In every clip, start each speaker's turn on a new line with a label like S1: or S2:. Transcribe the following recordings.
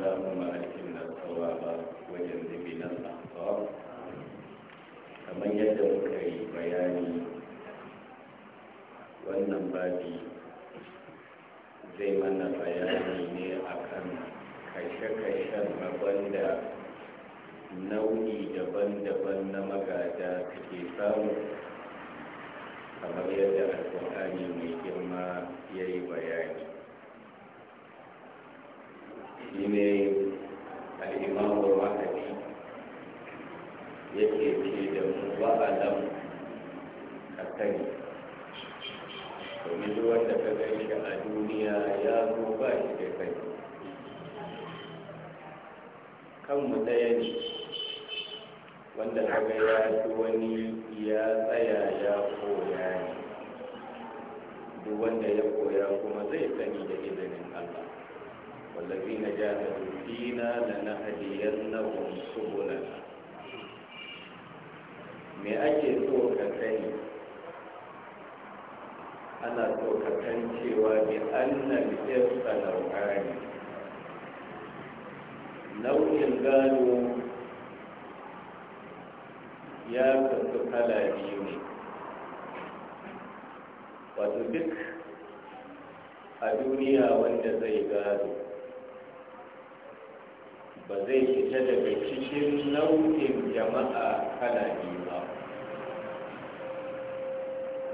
S1: اللهم ألهمنا الصواب وجنبنا الأخطاء kamar yadda muka yi bayani wannan babi zai mana bayani ne akan kashe-kashen rabon da daban-daban na magada suke samu kamar yadda alkur'ani mai girma ya yi bayani shi ne al'imamu wahabi yake ce da mu wa'alam a kai, domin wanda ka gan shi a duniya ya zo ba shi da kai kanmu ɗaya ne wanda kaga ya fi wani ya tsaya ya koya ne duk wanda ya koya kuma zai sani da izinin allah جاهدوا فينا لنهدينهم سبلنا me ake so ka sani ana so ka san cewa bi annal irsa nau'ani nau'in gado ya kasu kala biyu ne wato duk a duniya wanda zai gado ba zai fita daga cikin nau'in jama'a kala biyu ba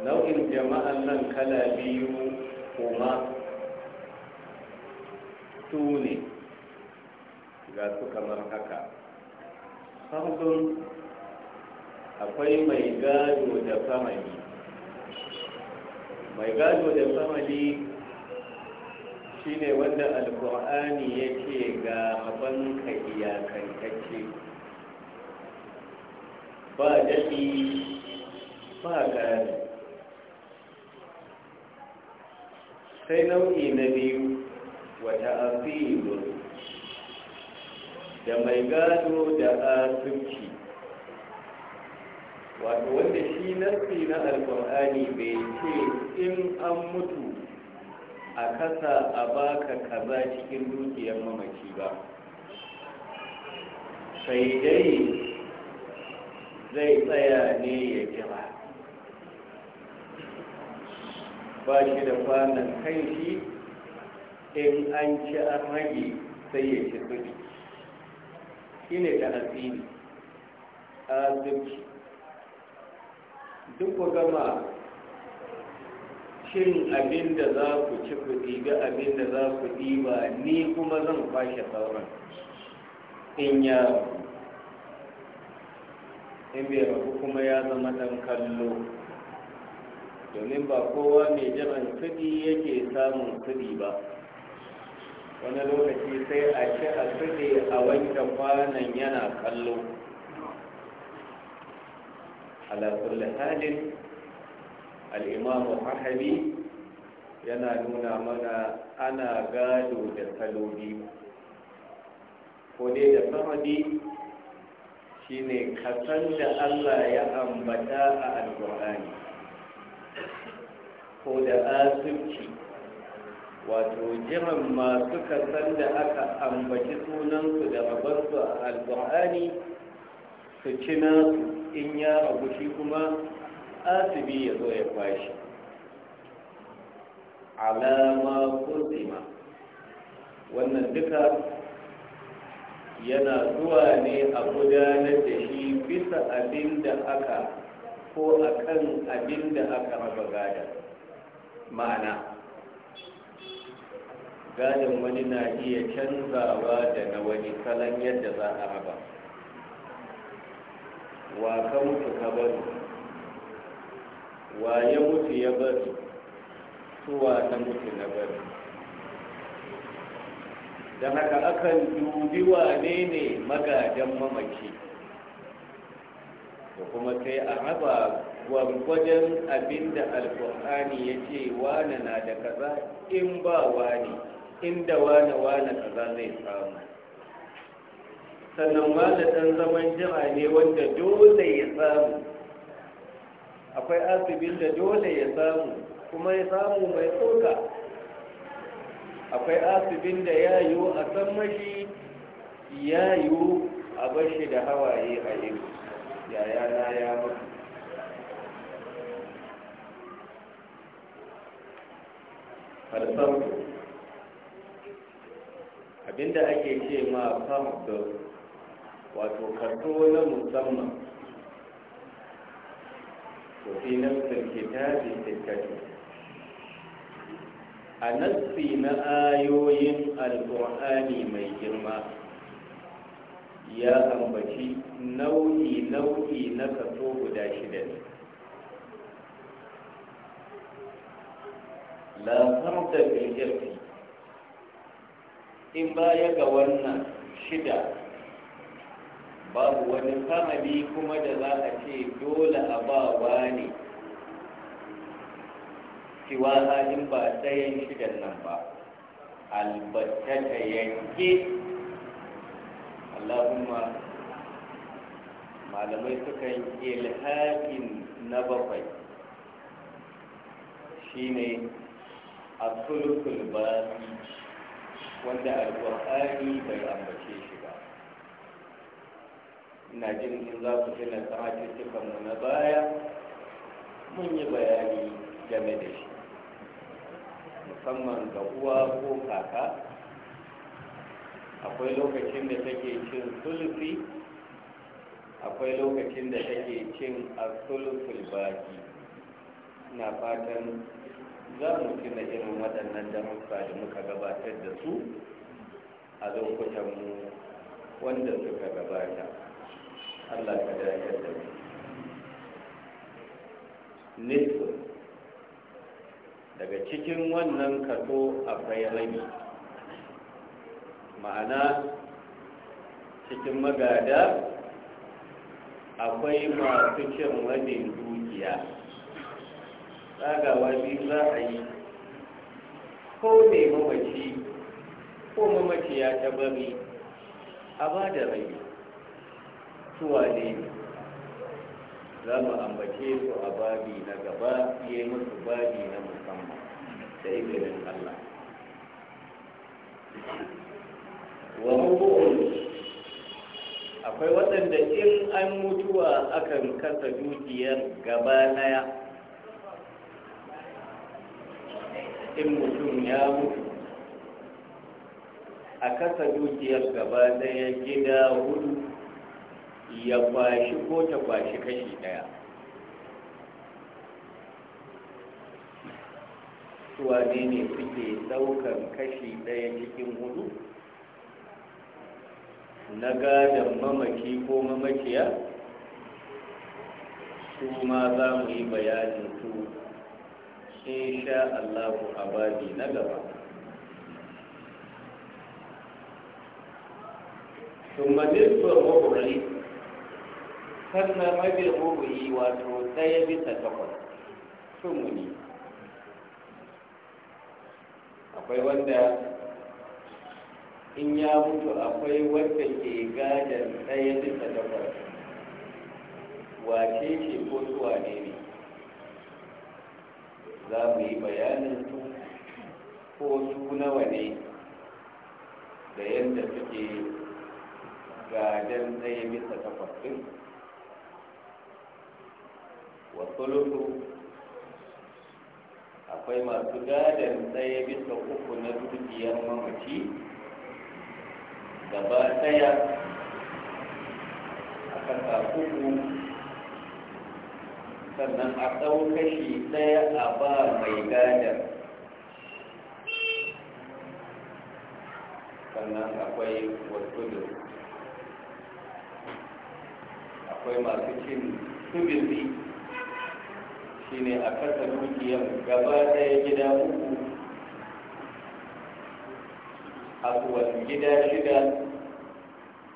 S1: nau'in jama'an nan kala biyu kuma su ne ga su kamar haka farkon akwai mai gado da famali mai gado da famali shine wanda alkur'ani ya ce ga abanka iyakantacce ba daɗi ba gari sai nau'i na biyu wata asibu da mai gado da asibci wato wanda shi nasi na alkur'ani bai ce in an mutu a kasa a baka kaza cikin dukiyar mamaki ba sai dai zai tsaya ne ya jira ba shi da kwanan kan shi in an ci an rage sai ya ci tsiri shi ne ta asiri a duk gama shin abin da za ku ci ku ɗiga abin da za ku ɗiba ni kuma zan kwashe sauran in ya in bai rabu kuma ya zama ɗan kallo domin ba kowa mai jiran kuɗi yake samun kuɗi ba wani lokaci sai a ci a kuɗi a wanke kwanan yana kallo ala kulli halin al'imamu ahami yana nuna mana ana gado da saloli ko dai da samadi shine kasan da allah ya ambata a alkur'ani ko da asirci wato jiran masu kasan da aka ambaci sunansu da rabarsu a alkur'ani su cina in ya rabu shi kuma asibi ya zo ya kwashi alama kursima wannan duka yana zuwa ne a gudanar da shi bisa abin da aka ko a kan abin da aka raba gada ma'ana gadon wani na iya canzawa da na wani salon yadda za a raba wa kan mutu wa ya mutu ya bari suwa na mutu na bari da haka akan dubi wane ne magajen mamaki da kuma sai a raba gwargwajen abinda alkur'ani ya ce wane na da kaza in ba wane inda wane wane kaza zai samu sannan wane dan zaman jira ne wanda dole ya samu akwai asibin da dole ya samu kuma ya samu mai tsoka akwai asibin da ya yiwu a san mashi ya yiwu a bashi da hawaye a yi na ya mutu farsautu abinda ake ce ma famto wato karto na musamman وفي نفس الكتاب سكته a nassi na ayoyin alkur'ani mai girma ya ambaci nau'i-nau'i na kaso guda shida ne lasar da bilirfi in baya ga wannan shida babu wani famali kuma da za a ce dole a ba wa ne cewa halin ba tsayen shigar nan ba albata ta yanke allahumma malamai sukan ilhakin na bakwai shine a tulkul wanda alƙur'ani bai ambace shi ina jin in za ku tuna karatuttukanmu na baya mun yi bayani game da shi musamman ga uwa ko kaka akwai lokacin da take cin sulufi akwai lokacin da take cin asulufin baki na fatan za mu tuna irin waɗannan damuka da muka gabatar da su a lokutanmu wanda suka gabata Allah ka dace da mu daga cikin wannan kaso akwai rami. ma'ana cikin magada akwai masu cin wani dukiya tsagawa biyu za a yi ko mai mamaci ko ya ta bari a ba da rami? suwa ne za mu ambace su a babi na gaba fiye musu babi na musamman da ikirin Allah wa mutu'un akwai waɗanda in an mutuwa akan kasa dukiyar gaba naya in mutum ya mutu a kasa dukiyar gaba daya gida hudu ya kwashi ko ta kwashi kashi daya wane ne suke daukan kashi daya cikin hudu na gadon mamaki ko mamakiya su ma za mu yi bayani su insha Allahu a babi na gaba ثم نصف الربع sannan mabi rubuyi wato ɗaya bisa takwas muni akwai wanda in ya mutu akwai wanda ke gadon ɗaya bisa takwas wace ce ko zuwa ne ne za mu yi bayanin su ko su nawa ne da yadda suke gadon ɗaya bisa takwas ɗin Wasu sulusu akwai masu gadon tsaye bisa uku na dukiyar mamaci gaba ɗaya a kasa uku sannan a ɗaukashi ɗaya a ba mai gadon sannan akwai wasu akwai masu cin subirbi shine a kasa dukiyar gaba ɗaya gida uku a kuwan gida shida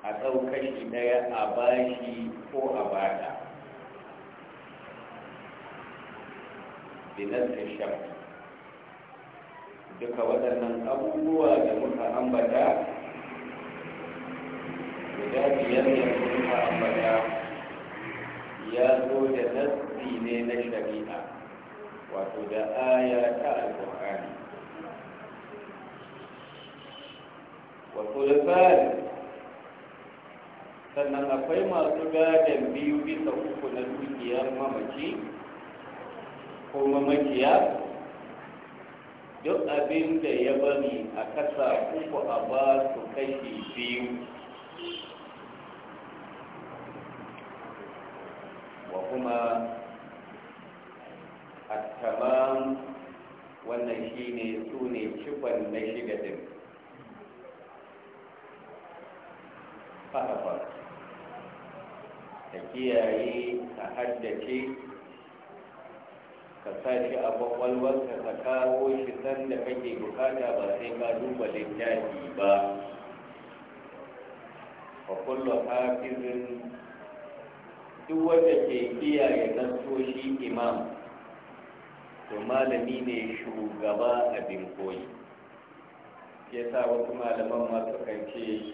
S1: a ɗaukashi ɗaya a bashi ko a bada binasta shafi duka waɗannan abubuwa da muka ambata guda biyar da muka ambata ya zo da nasu. ne na shari'a wato da aya ta wato da tsari sannan akwai masu gadon biyu bisa uku na dukiyar mamaci ko mamaciya duk abin da ya bari a kasa uku a ba su kashi biyu wa kuma wannan shi ne su ne cikon na shiga din fahafa ta kiyaye ka haddace ka sa shi a kwakwalwar ka kawo shi sanda kake bukata ba sai ka duba littafi ba wa kullu hafizin duk wanda ke kiyaye nasoshi imam to malami ne shugaba abin koyi ya sa wasu malaman masu kance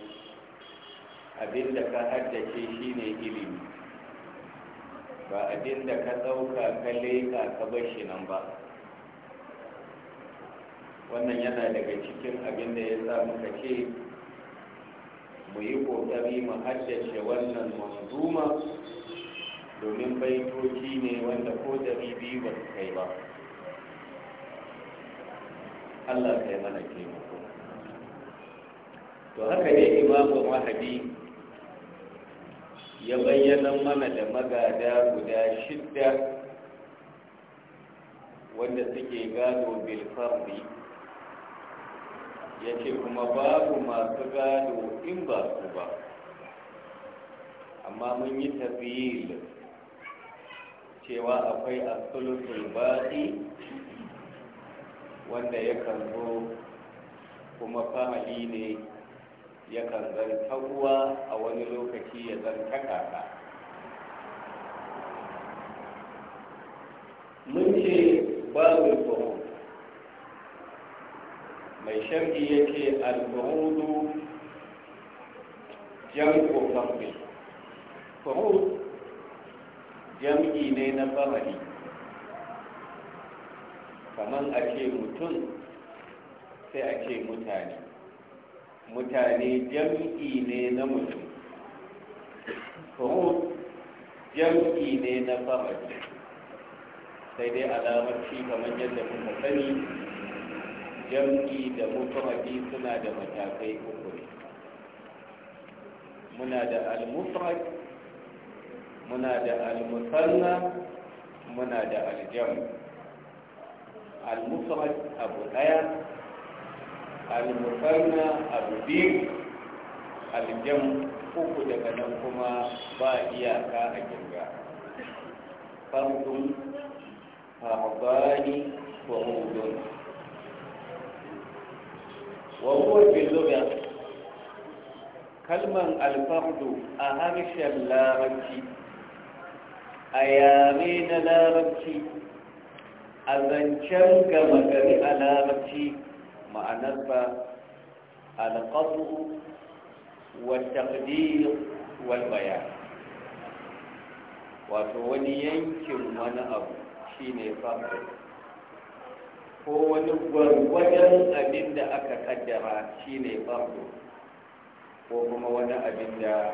S1: abinda ka haddace shi ne ilimi ba abinda ka ɗauka ka leka ka bar shi nan ba wannan yana daga cikin abinda ya sa muka ce mu yi ƙoƙari mu haddace wannan manzuma domin baitoci ne wanda ko dari biyu ba su kai ba Allah ka yi mana taimako to haka ne imamu mahadi ya bayyana mana da magada guda shidda wanda suke gado bilfardi ya ce kuma babu masu gado in ba su ba amma mun yi tafiye cewa akwai asulutul baɗi wanda ya zo kuma fahali ne kan zan taguwa a wani lokaci ya zan takaka mun ce babu tsoro mai sharhi yake al jan jam'u jam'i ne na fahali kamar a ce mutum sai a ce mutane mutane jam'i ne na mutum kuma jam'i ne na famari sai dai alamar shi kamar yadda kuma sani jam'i da mufradi suna da matakai uku ne muna da al-mufrad muna da al-musanna muna da al al-mufrad abu daya al-musanna abu biyu uku daga nan kuma ba iyaka a kirga fardun arbani wa hudun kalman alfardu a harshen larabci a yare na larabci a zancen gama gari a larabci ma'anarsa alƙasu ƙadiyar walbaya. wato wani yankin wani abu shi ne fafai ko wani gwargwajen abin da aka kaddara ne farko ko kuma wani abin da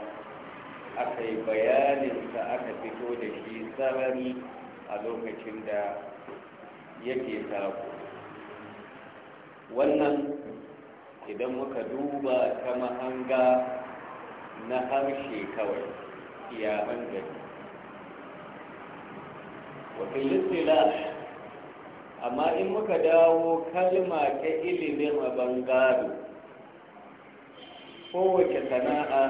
S1: aka yi bayaninsa aka fito da shi tsarari a lokacin da yake sako wannan idan muka duba ta mahanga na harshe kawai iyalan gari wakilin amma in muka dawo kalma ta ilimin a bangaro kowace sana'a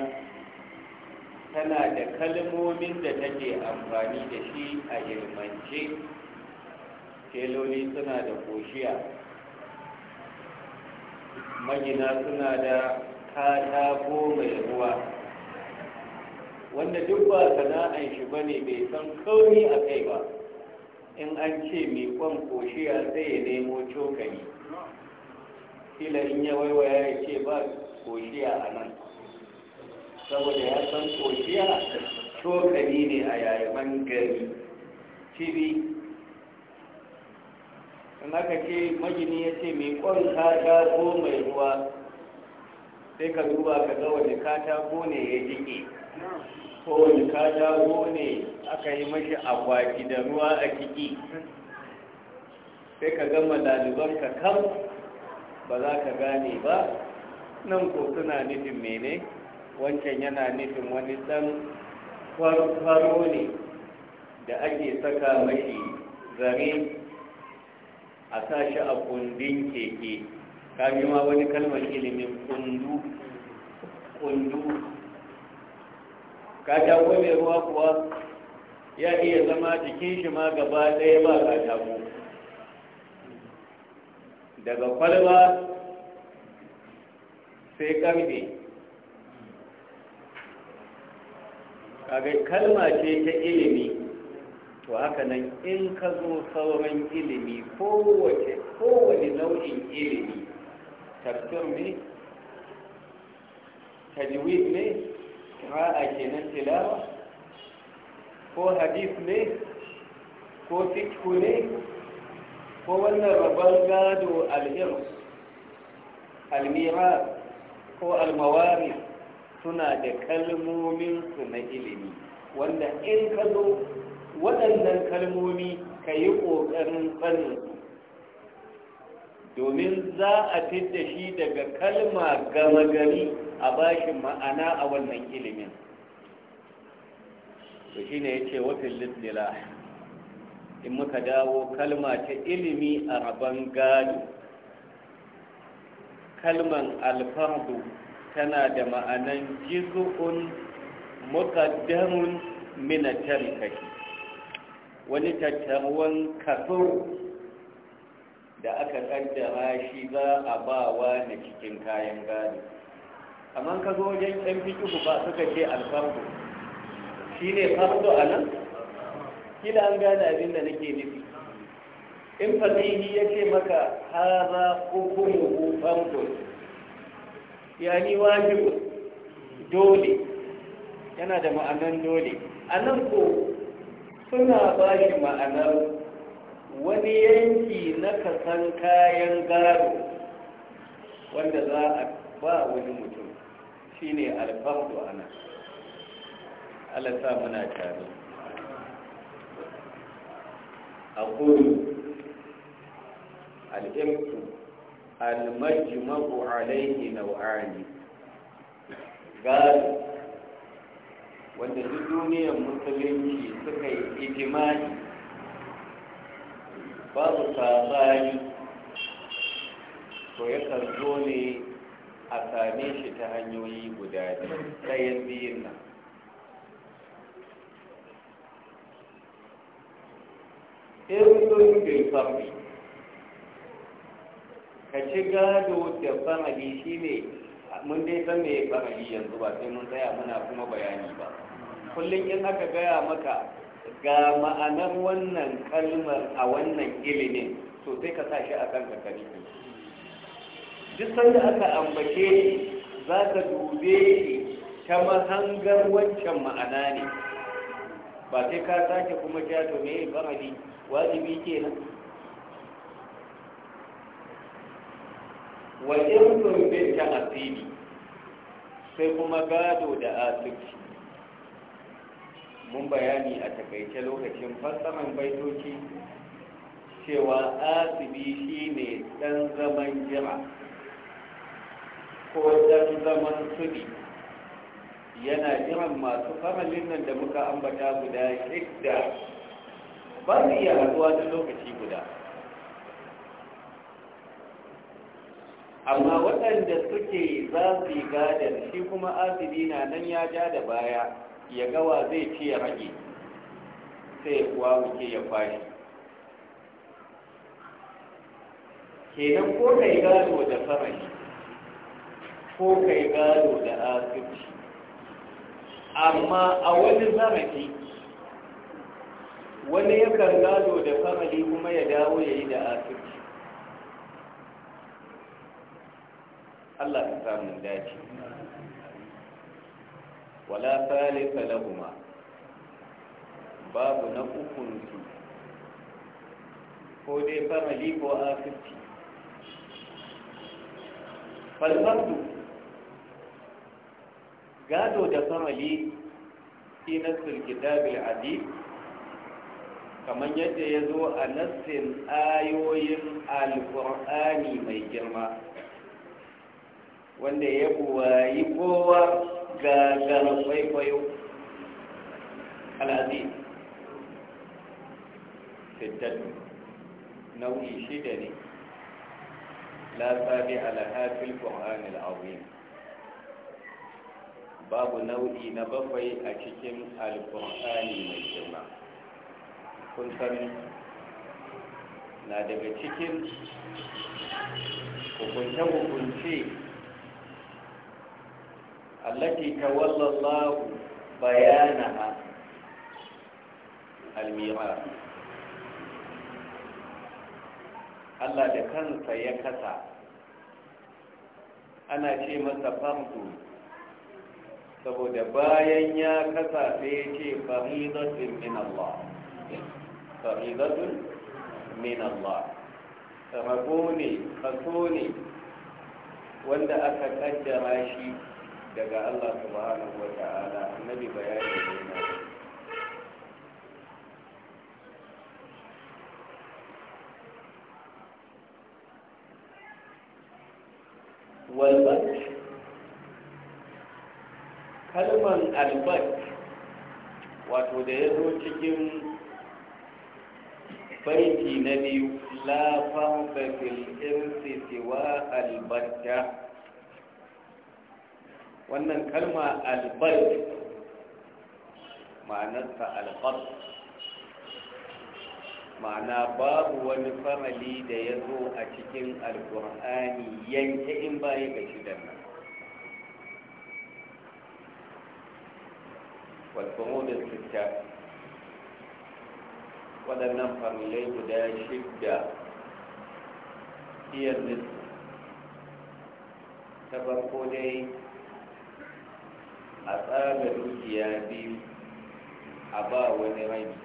S1: tana da kalmomin da take amfani da shi a ilmance teloli suna da koshiya magina suna da katako mai ruwa wanda duk ba sana'an shi ba ne bai san kauri a kai ba in an ce kwan koshiya sai ya nemo cokali kila in ya waiwaya ya ce ba koshiya a nan saboda ya san koshiya cokali ne a yayi gari cibi in aka ce magini ya ce mai kwan katako mai ruwa sai ka duba ka ga wani katako ne ya jike ko wani katako ne aka yi mashi akwati da ruwa a ciki sai ka gama ka kam ba za ka gane ba nan ko suna nufin mene wancan yana nufin wani ɗan kwaro ne da ake saka mashi zare a sa shi a kundin keke kami ma wani kalmar ilimin kundu kundu katako mai ruwa kuwa ya iya zama jikin shi ma gaba ɗaya ba katako daga kwalba sai karfe kaga kalma ce ta ilimi to haka nan in ka zo sauran ilimi kowace kowane nau'in ilimi tafsir ne tajwid ne ra'a kenan tilawa ko hadith ne ko fitku ne ko wannan rabar gado al almira, ko almawari suna da kalmominsu na ilimi wanda in ka zo waɗannan kalmomi ka yi ƙoƙarin sanin domin za a fidda shi daga kalma gama gari a bashi ma'ana a wannan ilimin to shi ne ya ce wafin littila in muka dawo kalma ta ilimi a rabon gado kalman alfardu tana da ma'anan jizu'un damun minatar kashi wani tattaruwan kaso da aka ƙaddara shi za a ba wa na cikin kayan gani amma ka zo wajen yan ku ba suka ce alfardu shi ne fardo a nan kila an gane abin da nake nufi in fasihi ya ce maka haza hukumuhu ya ni wajibu dole yana da ma'anan dole a nan ko suna ba shi ma'anar wani yanki na kasan kayan gado wanda za a ba wani mutum shine alfahdu ana alasa muna tare a kudu al'imtu almajima'u alaihi nau'ani gado wanda duk duniyar musulunci suka yi ijimai babu sabani to ya zo ne a same shi ta hanyoyi guda ɗayan biyun nan irin bin fami ka ci gado da famali shi ne mun dai san me famali yanzu ba sai mun tsaya muna kuma bayani ba kullum in aka gaya maka ga ma'anar wannan kalmar a wannan ilimin to sai ka sa shi a kanka ka duk sanda aka ambace za ka dube shi ta mahangar wancan ma'ana ne ba sai ka sake kuma ja to me barani wajibi kenan wa irsun bin ta'asili sai kuma gado da asibiti mun bayani a takaice lokacin fassaman baitoci cewa asibi shi ne ɗan zaman jira ko ɗan zaman sudi yana jiran masu faralin nan da muka ambata guda shidda ba su iya haduwa da lokaci guda amma waɗanda suke za su yi gadar shi kuma asibi na nan ya ja da baya ya gawa zai ce ya rage sai ya kuwa wuce ya Ke kenan ko ka yi gado da farashi ko ka yi gado da asibci amma a wani zarafi wani yakan gado da farashi kuma ya dawo ya yi da asibci Allah ka samun dace wala salisa lahuma babu na ukunsu ko dai famali ko asibiti falfardu gado da famali fi nasir kitabil adib kamar yadda ya zo a nassin ayoyin alkur'ani mai girma wanda ya buwayi kowa gagarar kwaikwayo al'azim siddatu nau'i shida ne la sabi alhafil qur'an al'azim babu nau'i na bakwai a cikin alqur'ani mai girma kun san na daga cikin hukunce-hukunce التي تولى الله بيانها الميراث Allah da kansa ya kasa ana ce masa fardu saboda bayan ya kasa sai ya ce faridatun min Allah faridatun min Allah rago ne kaso ne wanda aka kaddara shi daga Allah subhanahu wa ta'ala annabi bayani ne na walbat kalman albat wato da ya zo cikin baiti na biyu la fa'ba fil irsi siwa albatta wannan kalma albar ma'anarsa albar ma'ana babu wani farali da ya zo a cikin alkur'ani yanke in baya ga shidan nan walfamodin sitta waɗannan farilai guda shidda iya ta farko dai a tsaga dukiya biyu a ba wani rabi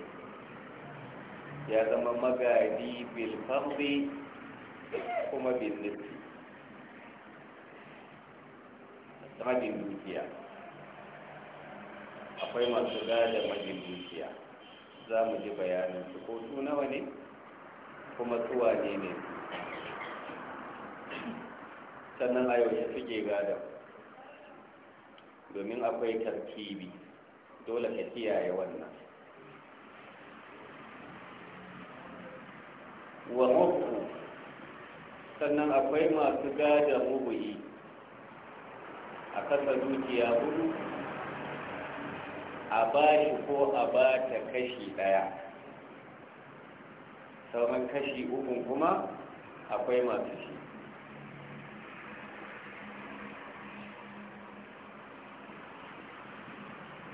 S1: ya zama magadi bilfardi kuma bilnifi rabin dukiya akwai masu gada majin dukiya za mu ji bayanin su ko suna wani kuma suwa ne ne sannan ayoyi suke gada domin akwai tarkibi dole ka kiyaye wannan wa rufu sannan akwai masu gada rubu'i a kasa dukiya hudu a bashi ko a ba ta kashi daya sauran kashi uku kuma akwai masu shi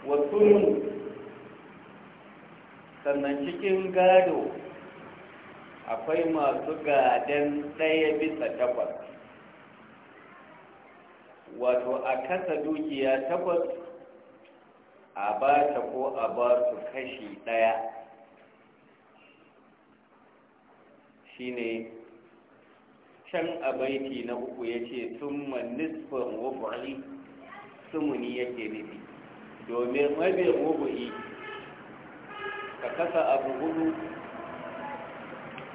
S1: wasu sannan cikin gado akwai masu gadon ɗaya bisa takwas wato a kasa dukiya takwas a ba ta ko a ba su kashi ɗaya shine can a baiti na uku ya ce sun manisfin wufari sumuni yake nufi domin mabe rubu'i ka kasa abu hudu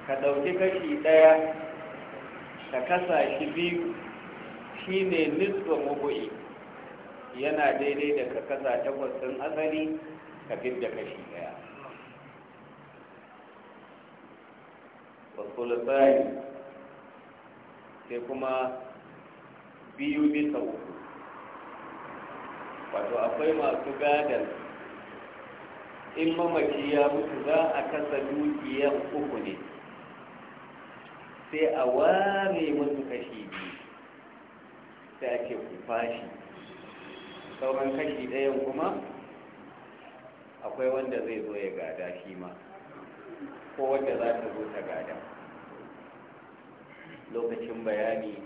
S1: ka ɗauki kashi ɗaya ka kasa shi biyu shi ne nisba rubu'i yana daidai da ka kasa takwas asali ka da kashi ɗaya wasu sai kuma biyu bisa uku wato akwai masu gadan in mamaci ya mutu za a kasa dukiyar uku ne sai a ware musu kashi biyu sai ake kufashi sauran kashi ɗayan kuma akwai wanda zai zo ya gada shi ma ko wanda za ta zo ta gada lokacin bayani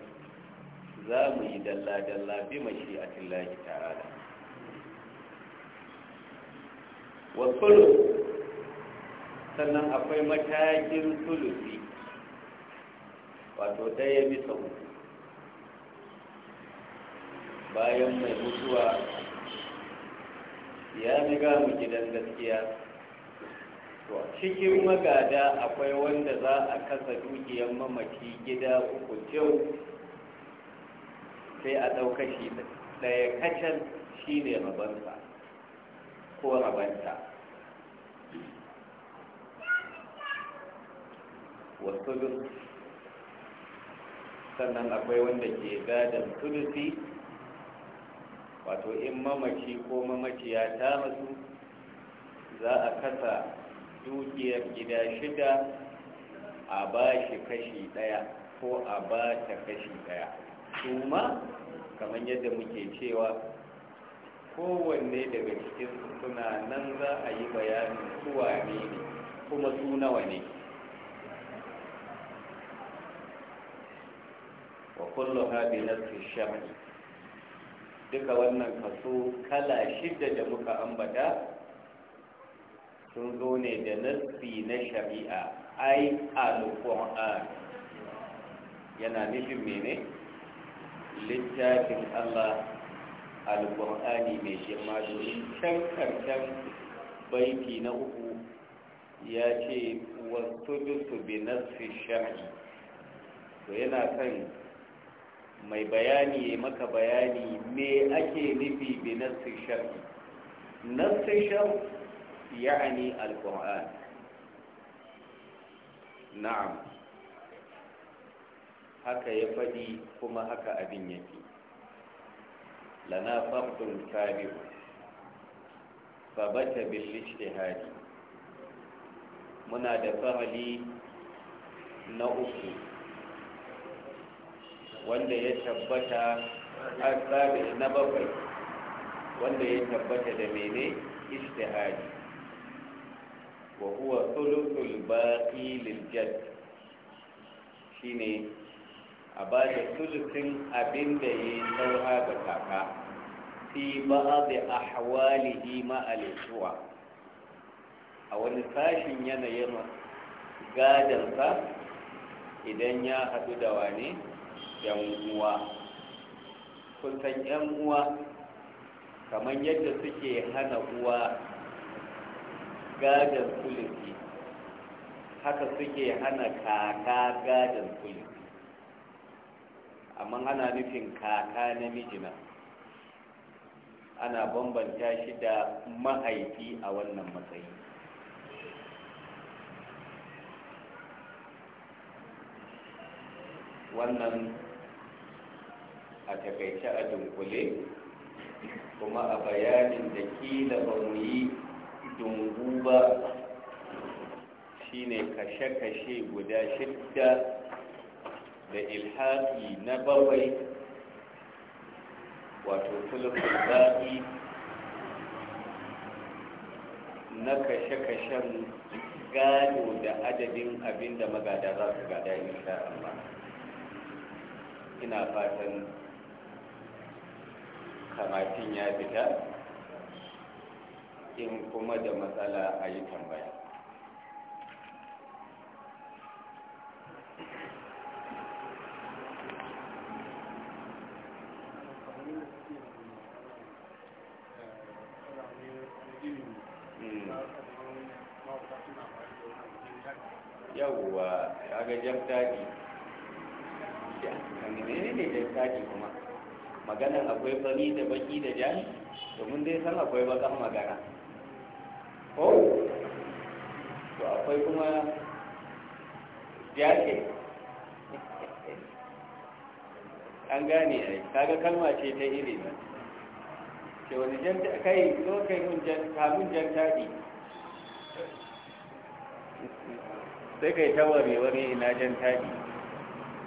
S1: za mu yi dalla-dalla bi mashi a tilla ta'ala wa sulus sannan akwai matakin sulusi wato ɗaya bisa uku bayan mai mutuwa ya riga mu gidan gaskiya to cikin magada akwai wanda za a kasa dukiyar mamaki gida uku jau sai a ɗaukashi ɗaya kacal shi ne rabansa ko rabanta wasu sannan akwai wanda ke gadon sulusi wato in mamaci ko ya ta masu, za a kasa dukiyar gida shida a ba shi kashi daya ko a ba ta kashi daya kuma kamar yadda muke cewa kowanne daga cikin suna nan za a yi bayanin suwa ne ne kuma su nawa ne wa kullum hadi na shari duka wannan kaso kala shida da muka ambata sun zo ne da nassi na shari'a ai al-qur'an yana nufin mene littafin Allah alƙur'ani mai girma domin can karshen baiti na uku ya ce wasu bisu bi nasfi shari'i to yana son mai bayani ya maka bayani me ake nufi bi nasfi shari'i nasfi shari'i ya'ani alƙur'ani na'am haka ya faɗi kuma haka abin yake لنا فرد كاذب فبت بالاجتهاد منا دفعلي نأكل wanda ya tabbata asabi na bakwai wanda ya tabbata da mene ijtihadi wa huwa shine a ba da sulusin abin da ya yi saura ga kaka fi ba da yi ma'alisuwa a wani sashin yanayin gadansa idan ya haɗu da wane yan uwa kusan yan uwa kamar yadda suke hana uwa gadon kulisi haka suke hana kaka gadon kulisi amma ana nufin kaka namiji na ana bambanta shi da mahaifi a wannan matsayi wannan a takaice a dunkule kuma a bayanin da kila ba mu yi dungu ba shine kashe-kashe guda shidda da ilhaki na bawai wato fulful zaɓi na kashe-kashen gado da adadin abin da magada za su gada insha amma ina fatan kamatin ya fita in kuma da matsala a yi tambaya yawwa kaga jamtaki ne ne jamtaki kuma maganan akwai Fani da baki da jani domin dai san akwai bakan magana ko to akwai kuma jace an gane ai kaga kalma ce ta iri ilimi ce wani jan kai zo jan kamun jan tadi sai kai ta warewar ina jan taɗi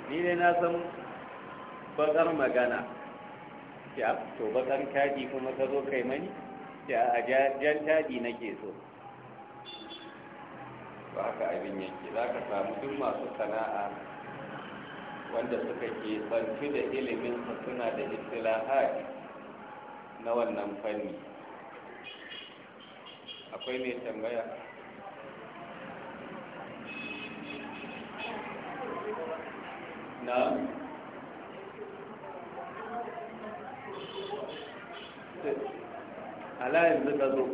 S1: ni ne na san bakar magana ya to bakar taɗi kuma ka zo kai mani ya a jan taɗi nake so ba ka abin yake za ka samu duk masu sana'a wanda suka ke tsanci da ilimin suna da istilahat na wannan fanni akwai mai tambaya na ala yanzu ka zo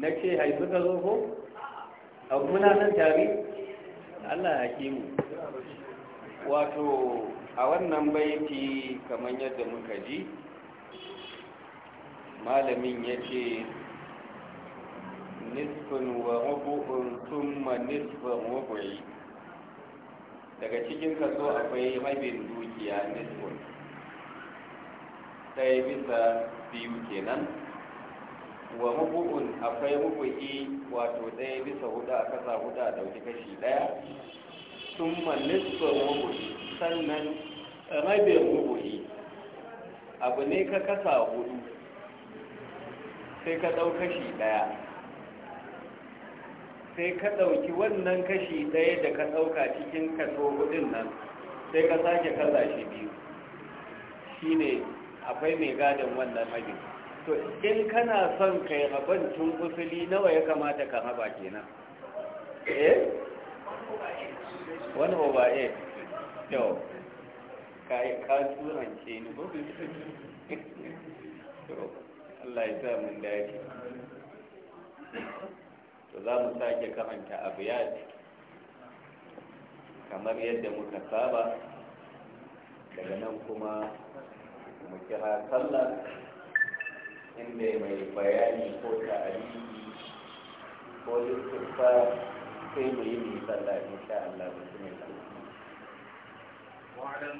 S1: na ce haifu ka zo ko abu muna nan tare allah hakimu wato a wannan baiti kamar yadda muka ji malamin ya ce nisfin wa rubu'un tumma nisfin rubu'i daga cikin kaso akwai rabin dukiya nisfin yi bisa biyu kenan wa rubu'un akwai rubu'i wato ɗaya bisa hudu a kasa hudu a ɗauki kashi ɗaya tumma nisfin rubu'i sannan rabin rubu'i abu ne ka kasa hudu sai ka ɗau kashi ɗaya sai ka ɗauki wannan kashi ɗaya da ka ɗauka cikin kaso hudun nan sai ka sake kaza shi biyu shi ne akwai mai gadin wannan magin to in kana son kai rabon tun usuli nawa ya kamata ka raba kenan eh wani over eight yau ka yi ka ni ba Allah ya sa mun dace to za mu sake karanta abu abiyat kamar yadda muka saba daga nan kuma mu kira sallah inda mai bayani ko ta'arifi ko lissufa sai mu yi sallah insha Allah mutum ya